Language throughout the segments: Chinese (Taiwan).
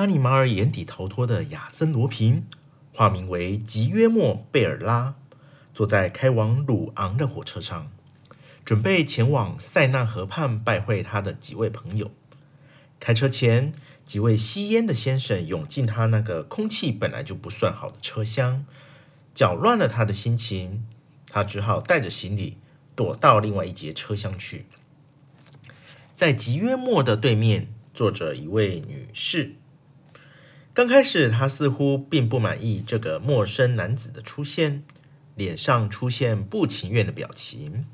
阿尼馬爾眼底逃脫的亞森羅蘋，化名為吉約莫貝爾拉，坐在開往魯昂的火車上，準備前往塞納河畔拜會他的幾位朋友。開車前，幾位吸煙的先生湧進他那個空氣本來就不算好的車廂，攪亂了他的心情。他只好帶着行李躲到另外一節車廂去。在吉約莫的對面坐着一位女士。剛開始，她似乎並不滿意這個陌生男子的出現，臉上出現不情願的表情。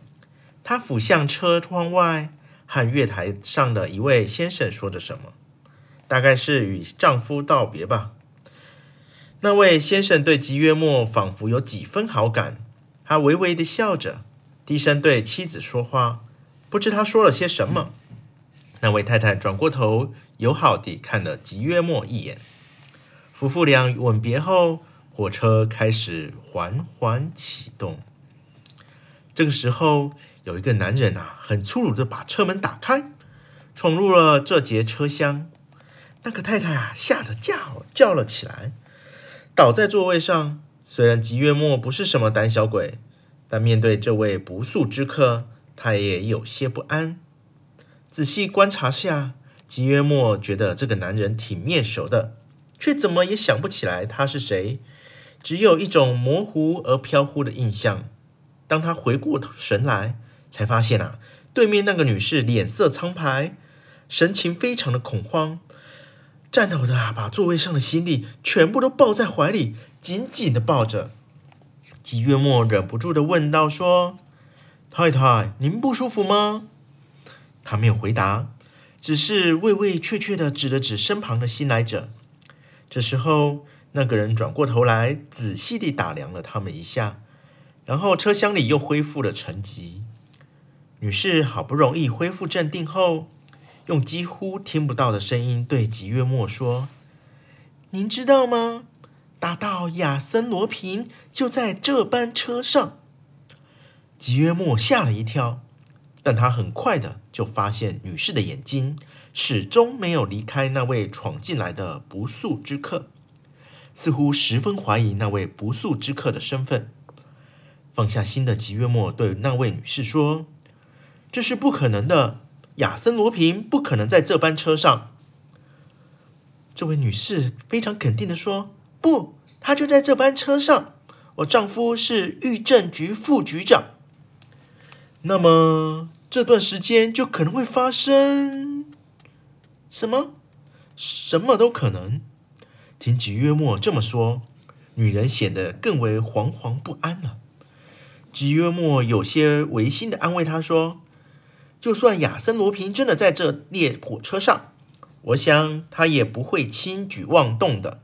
她俯向車窗外，和月台上的一位先生說着什麼，大概是與丈夫道別吧。那位先生對吉約莫仿佛有幾分好感，他微微地笑着，低聲對妻子說話，不知他說了些什麼。那位太太轉過頭，友好地看了吉約莫一眼。夫婦倆吻別後，火車開始緩緩啟動。這個時候，有一個男人啊，很粗魯地把車門打開，闖入了這節車廂。那個太太啊，嚇得叫叫了起來，倒在座位上。雖然吉約莫不是什麼膽小鬼，但面對這位不速之客，他也有些不安。仔細觀察下，吉約莫覺得這個男人挺面熟的。卻怎麼也想不起來他是誰，只有一種模糊而飄忽的印象。當他回過神來，才發現啊，對面那個女士臉色蒼白，神情非常的恐慌，顫抖着把座位上的行李全部都抱在懷裡，緊緊的抱着。吉月末忍不住的問道說：“太太，您不舒服嗎？”他沒有回答，只是畏畏怯怯的指了指身旁的新來者。這時候，那個人轉過頭來，仔細地打量了他們一下，然後車廂裡又恢復了沉寂。女士好不容易恢復鎮定後，用幾乎聽不到的聲音對吉約莫說：“您知道嗎？大盜亞森羅蘋就在這班車上。”吉約莫嚇了一跳，但他很快的就發現女士的眼睛。始終沒有離開那位闖進來的不速之客，似乎十分懷疑那位不速之客的身份。放下心的吉約莫對那位女士說：“這是不可能的，亞森·羅平不可能在這班車上。”這位女士非常肯定地說：“不，他就在這班車上。我丈夫是獄政局副局長。”那麼這段時間就可能會發生什麼？什麼都可能。聽吉約莫這麼說，女人顯得更為惶惶不安了。吉約莫有些違心的安慰她說：“就算亞森·羅平真的在這列火車上，我想他也不會輕舉妄動的。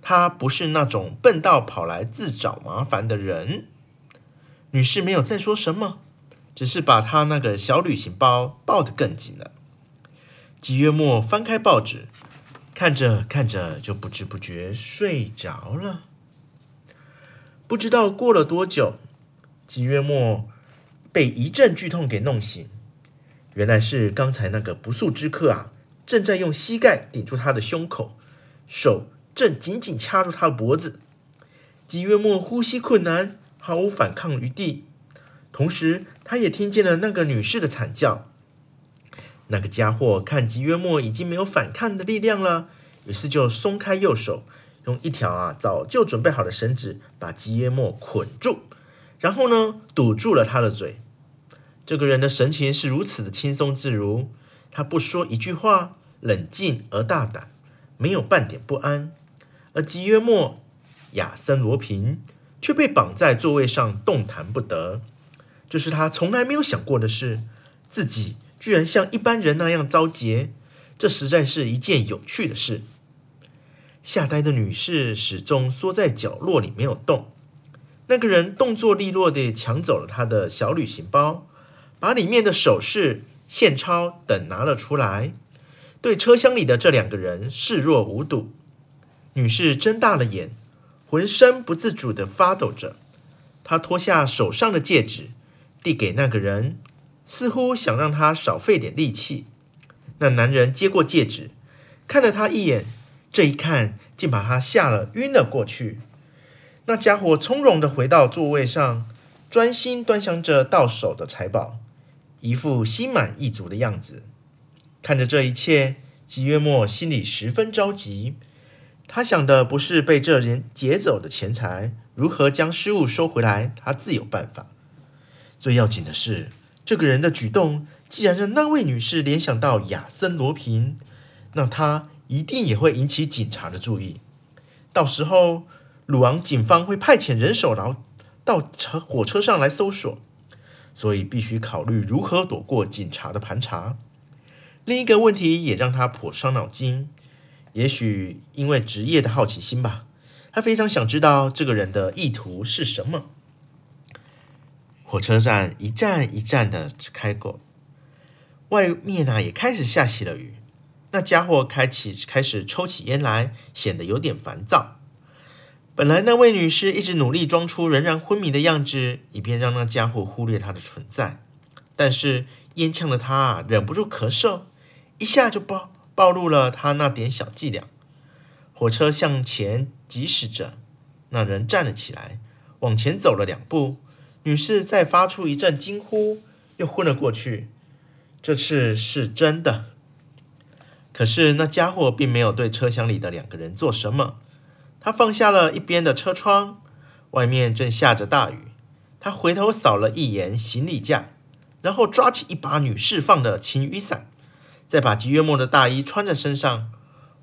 他不是那種笨到跑來自找麻煩的人。”女士沒有再說什麼，只是把她那個小旅行包抱得更緊了。幾月末翻開報紙，看着看着就不知不覺睡着了。不知道過了多久，幾月末被一陣劇痛給弄醒。原來是剛才那個不速之客啊，正在用膝蓋頂住他的胸口，手正緊緊掐住他的脖子。幾月末呼吸困難，毫無反抗餘地。同時，他也聽見了那個女士的慘叫。那個家伙看吉約莫已經沒有反抗的力量了，於是就鬆開右手，用一條啊早就準備好的繩子把吉約莫捆住，然後呢堵住了他的嘴。這個人的神情是如此的輕鬆自如，他不說一句話，冷靜而大膽，沒有半點不安。而吉約莫亞森羅蘋卻被綁在座位上動彈不得，這是他從來沒有想過的事，自己。居然像一般人那樣遭劫，這實在是一件有趣的事。嚇呆的女士始終縮在角落裡沒有動。那個人動作利落地搶走了她的小旅行包，把裡面的首飾、現鈔等拿了出來，對車廂裡的這兩個人視若無睹。女士睜大了眼，渾身不自主地發抖着。她脫下手上的戒指，遞給那個人。似乎想讓他少費點力氣。那男人接過戒指，看了他一眼，這一看竟把他嚇了，暈了過去。那家伙從容地回到座位上，專心端詳着到手的財寶，一副心滿意足的樣子。看着這一切，吉約莫心裡十分着急。他想的不是被這人劫走的錢財，如何將失物收回來，他自有辦法。最要緊的是。這個人的舉動既然讓那位女士聯想到亞森·羅蘋，那他一定也會引起警察的注意。到時候，魯昂警方會派遣人手到車火車上來搜索，所以必須考慮如何躲過警察的盤查。另一個問題也讓他頗傷腦筋，也許因為職業的好奇心吧，他非常想知道這個人的意圖是什麼。火車站一站一站的開過，外面呢也開始下起了雨。那家伙開啟開始抽起煙來，顯得有點煩躁。本來那位女士一直努力裝出仍然昏迷的樣子，以便讓那家伙忽略她的存在。但是煙嗆得她忍不住咳嗽，一下就暴暴露了她那點小伎倆。火車向前疾駛着，那人站了起來，往前走了兩步。女士再發出一陣驚呼，又昏了過去。這次是真的。可是那家伙並沒有對車廂裡的兩個人做什麼。他放下了一邊的車窗，外面正下着大雨。他回頭掃了一眼行李架，然後抓起一把女士放的晴雨傘，再把吉約莫的大衣穿在身上。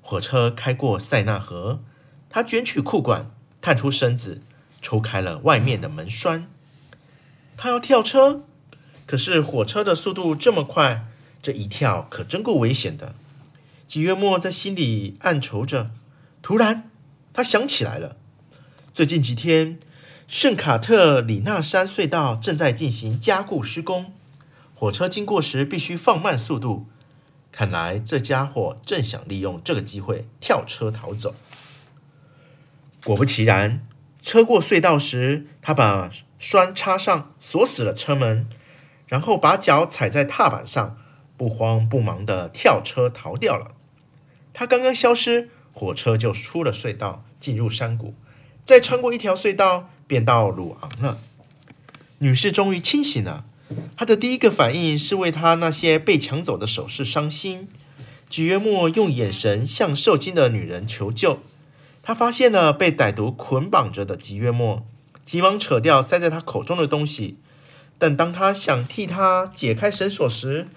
火車開過塞納河，他捲起褲管，探出身子，抽開了外面的門栓。他要跳車，可是火車的速度這麼快，這一跳可真夠危險的。吉岳莫在心裡暗愁着，突然他想起來了。最近幾天，聖卡特里娜山隧道正在進行加固施工，火車經過時必須放慢速度。看來這家伙正想利用這個機會跳車逃走。果不其然，車過隧道時，他把栓插上，鎖死了車門，然後把腳踩在踏板上，不慌不忙地跳車逃掉了。他剛剛消失，火車就出了隧道，進入山谷，再穿過一條隧道，便到魯昂了。女士終於清醒了，她的第一個反應是為她那些被搶走的首飾傷心。吉約莫用眼神向受驚的女人求救，她發現了被歹徒捆綁着的吉約莫。急忙扯掉塞在他口中的東西，但當他想替他解開繩索時，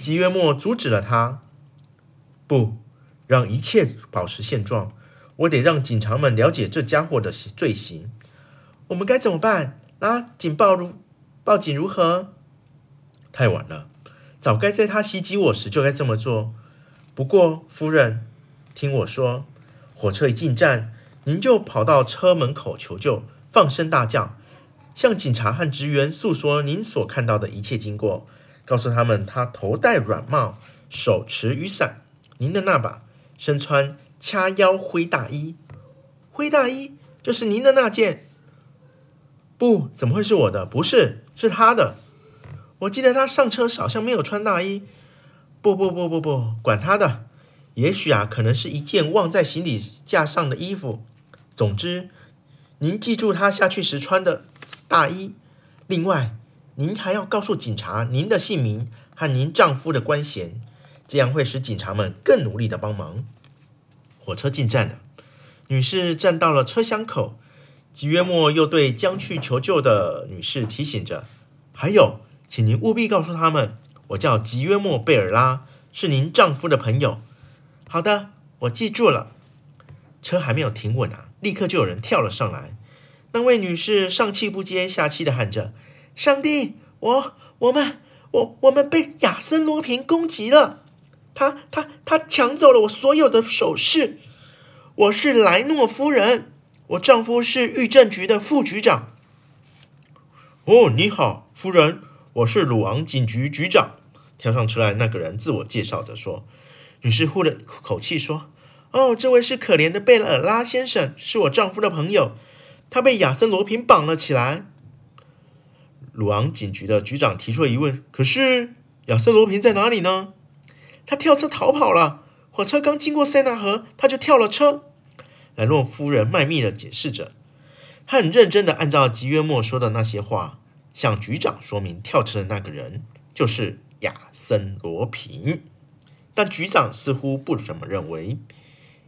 吉約莫阻止了他。不，讓一切保持現狀。我得讓警察們了解這家夥的罪行。我們該怎麼辦？拉警報如報警如何？太晚了，早該在他襲擊我時就該這麼做。不過，夫人，聽我說，火車一進站，您就跑到車門口求救。放聲大叫，向警察和職員訴說您所看到的一切經過，告訴他們他頭戴軟帽，手持雨傘，您的那把，身穿掐腰灰大衣，灰大衣就是您的那件。不，怎麼會是我的？不是，是他的。我記得他上車好像沒有穿大衣。不不不不不，管他的，也許啊，可能是一件忘在行李架上的衣服。總之。您記住她下去時穿的大衣，另外，您還要告訴警察您的姓名和您丈夫的官銜，這樣會使警察們更努力的幫忙。火車進站了，女士站到了車廂口，吉約莫又對將去求救的女士提醒着：“還有，請您務必告訴他們，我叫吉約莫貝爾拉，是您丈夫的朋友。”“好的，我記住了。”車還沒有停穩呢、啊。立刻就有人跳了上來。那位女士上氣不接下氣的喊着：“上帝，我、我們、我、我們被亞森·羅蘋攻擊了！他、他、他搶走了我所有的首飾。我是萊諾夫人，我丈夫是獄政局的副局長。”“哦，你好，夫人，我是魯昂警局局長。”跳上車來那個人自我介紹着說。女士呼了口氣說。哦，這位是可憐的貝勒拉先生，是我丈夫的朋友。他被亞森羅蘋綁了起來。魯昂警局的局長提出了疑問：“可是亞森羅蘋在哪裡呢？”他跳車逃跑了。火車剛經過塞納河，他就跳了車。萊洛夫人賣命的解釋着，他很認真的按照吉約莫說的那些話，向局長說明跳車的那個人就是亞森羅蘋。但局長似乎不怎麼認為。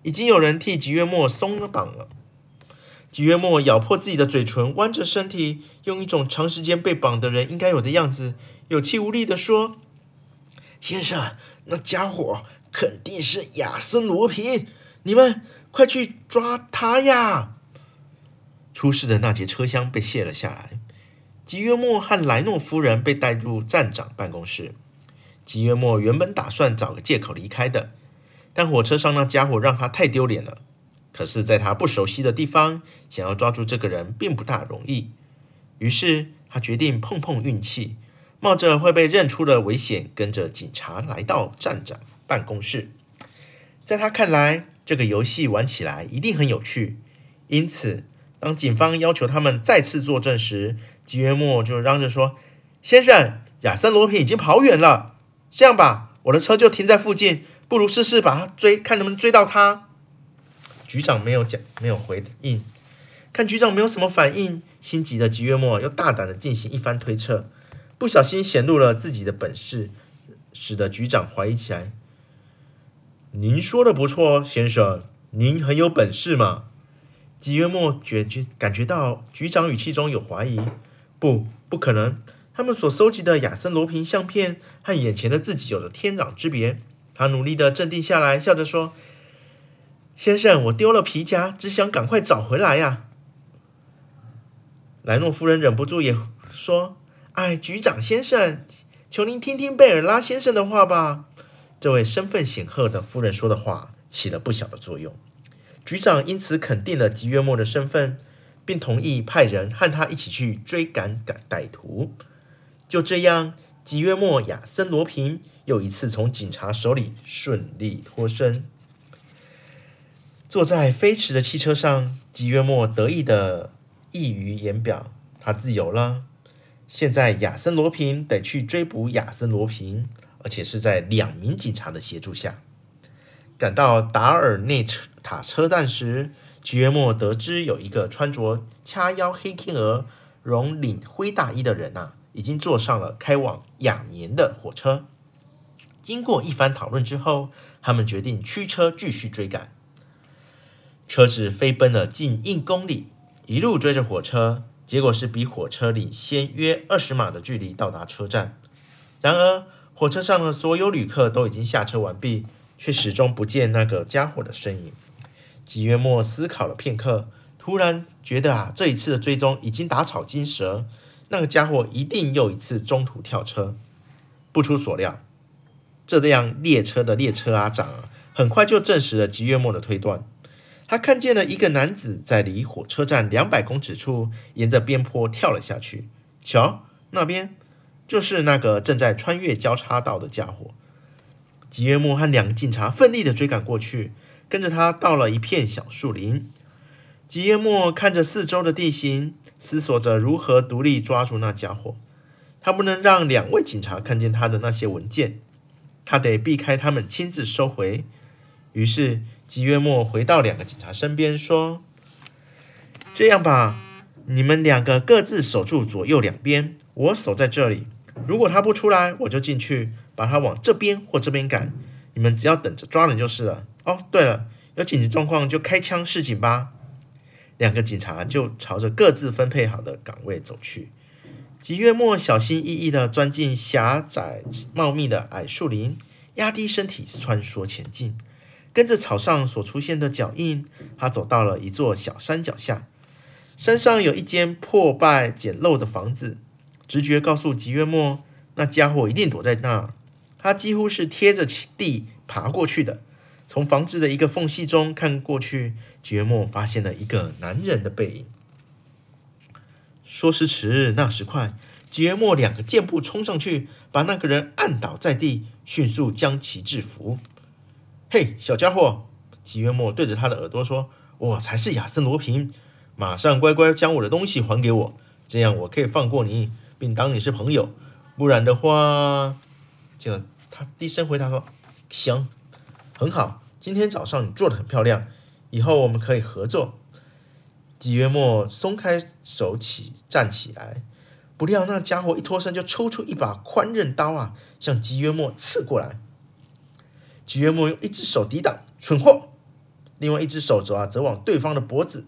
已經有人替吉約莫鬆了綁了。吉約莫咬破自己的嘴唇，彎着身體，用一種長時間被綁的人應該有的樣子，有氣無力的說：“先生，那家伙肯定是亞森·羅平，你們快去抓他呀！”出事的那節車廂被卸了下來，吉約莫和萊諾夫人被帶入站長辦公室。吉約莫原本打算找個借口離開的。但火車上那家伙讓他太丟臉了。可是，在他不熟悉的地方，想要抓住這個人並不大容易。於是，他決定碰碰運氣，冒着會被認出的危險，跟着警察來到站長辦公室。在他看來，這個遊戲玩起來一定很有趣。因此，當警方要求他們再次作證時，吉約莫就嚷着說：“先生，亞森·羅蘋已經跑遠了。這樣吧，我的車就停在附近。”不如試試把他追，看能不能追到他。局長沒有講，沒有回應。看局長沒有什麼反應，心急的吉約莫又大膽的進行一番推測，不小心顯露了自己的本事，使得局長懷疑起來。您說的不錯，先生，您很有本事嘛。吉約莫覺覺感覺到局長語氣中有懷疑。不，不可能，他們所搜集的亞森羅蘋相片和眼前的自己有着天壤之別。他努力的鎮定下來，笑着說：“先生，我丟了皮夾，只想趕快找回來呀、啊。”萊諾夫人忍不住也說：“哎，局長先生，求您聽聽貝爾拉先生的話吧。”這位身份顯赫的夫人說的話起了不小的作用，局長因此肯定了吉約莫的身份，並同意派人和他一起去追趕趕歹徒。就這樣，吉約莫、亞森、羅蘋。又一次從警察手裡順利脫身。坐在飛馳的汽車上，吉約莫得意的溢於言表。他自由了。現在，亞森羅蘋得去追捕亞森羅蘋，而且是在兩名警察的協助下。趕到達爾內塔車站時，吉約莫得知有一個穿着掐腰黑天鵝絨領灰，灰大衣的人吶、啊，已經坐上了開往亞眠的火車。經過一番討論之後，他們決定驅車繼續追趕。車子飛奔了近一公里，一路追着火車，結果是比火車領先約二十碼的距離到達車站。然而，火車上的所有旅客都已經下車完畢，卻始終不見那個家伙的身影。吉約莫思考了片刻，突然覺得啊，這一次的追蹤已經打草驚蛇，那個家伙一定又一次中途跳車。不出所料。這輛列車的列車阿、啊、長啊，很快就證實了吉約莫的推斷。他看見了一個男子在離火車站兩百公尺處，沿着邊坡跳了下去。瞧，那邊就是那個正在穿越交叉道的家伙。吉約莫和兩個警察奮力地追趕過去，跟着他到了一片小樹林。吉約莫看着四周的地形，思索着如何獨立抓住那家伙。他不能讓兩位警察看見他的那些文件。他得避開他們，親自收回。於是吉約莫回到兩個警察身邊，說：“這樣吧，你們兩個各自守住左右兩邊，我守在這裡。如果他不出來，我就進去，把他往這邊或這邊趕。你們只要等着抓人就是了。哦，對了，有緊急狀況就開槍示警吧。”兩個警察就朝着各自分配好的崗位走去。吉約莫小心翼翼地鑽進狹窄茂密的矮樹林，壓低身體穿梭前進，跟着草上所出現的腳印，他走到了一座小山腳下。山上有一間破敗簡陋的房子，直覺告訴吉約莫，那家伙一定躲在那兒。他幾乎是貼着地爬過去的，從房子的一個縫隙中看過去，吉約莫發現了一個男人的背影。說時遲，那時快，吉約莫兩個箭步衝上去，把那個人按倒在地，迅速將其制服。嘿，小家伙，吉約莫對着他的耳朵說：“我才是亞森·羅蘋，馬上乖乖將我的東西還給我，這樣我可以放過你，並當你是朋友。不然的話，就、這個、他低聲回答說：‘行，很好。今天早上你做得很漂亮，以後我們可以合作。’”吉約莫鬆開手起站起來，不料那家伙一脫身就抽出一把寬刃刀啊，向吉約莫刺過來。吉約莫用一隻手抵擋，蠢貨！另外一隻手肘啊，則往對方的脖子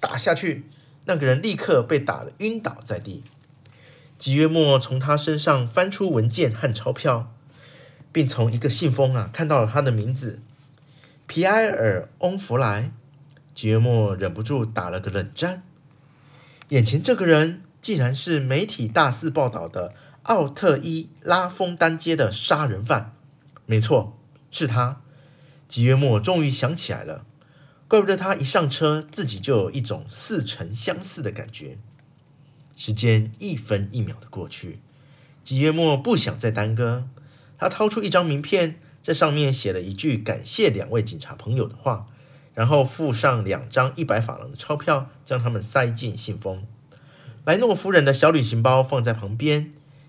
打下去。那個人立刻被打得暈倒在地。吉約莫從他身上翻出文件和鈔票，並從一個信封啊看到了他的名字：皮埃爾·翁弗萊。吉約莫忍不住打了個冷戰，眼前這個人竟然是媒體大肆報道的奧特伊拉豐丹街的殺人犯，沒錯，是他。吉約莫終於想起來了，怪不得他一上車自己就有一種似曾相識的感覺。時間一分一秒的過去，吉約莫不想再耽擱，他掏出一張名片，在上面寫了一句感謝兩位警察朋友的話。然後附上兩張一百法郎的鈔票，將他們塞進信封。萊諾夫人的小旅行包放在旁邊。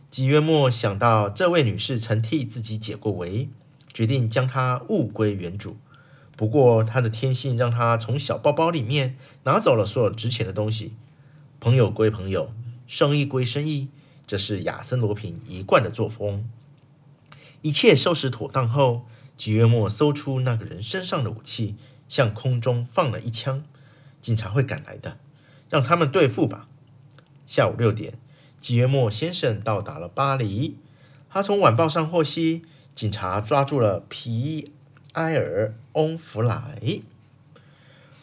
吉約莫想到這位女士曾替自己解過圍，決定將它物歸原主。不過，他的天性讓他從小包包裡面拿走了所有值錢的東西。朋友歸朋友，生意歸生意，這是亞森·羅蘋一貫的作風。一切收拾妥當後，吉約莫搜出那個人身上的武器。向空中放了一槍，警察會趕來的，讓他們對付吧。下午六點，吉約莫先生到達了巴黎。他從晚報上獲悉，警察抓住了皮埃爾·翁弗萊。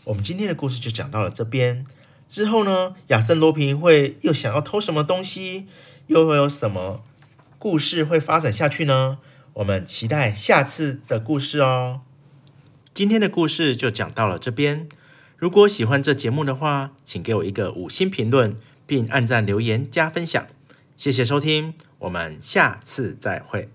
我們今天的故事就講到了這邊。之後呢，亞森·羅平會又想要偷什麼東西？又會有什麼故事會發展下去呢？我們期待下次的故事哦。今天的故事就講到了這邊，如果喜歡這節目的話，請給我一個五星評論，並按讚留言加分享。謝謝收聽，我們下次再會。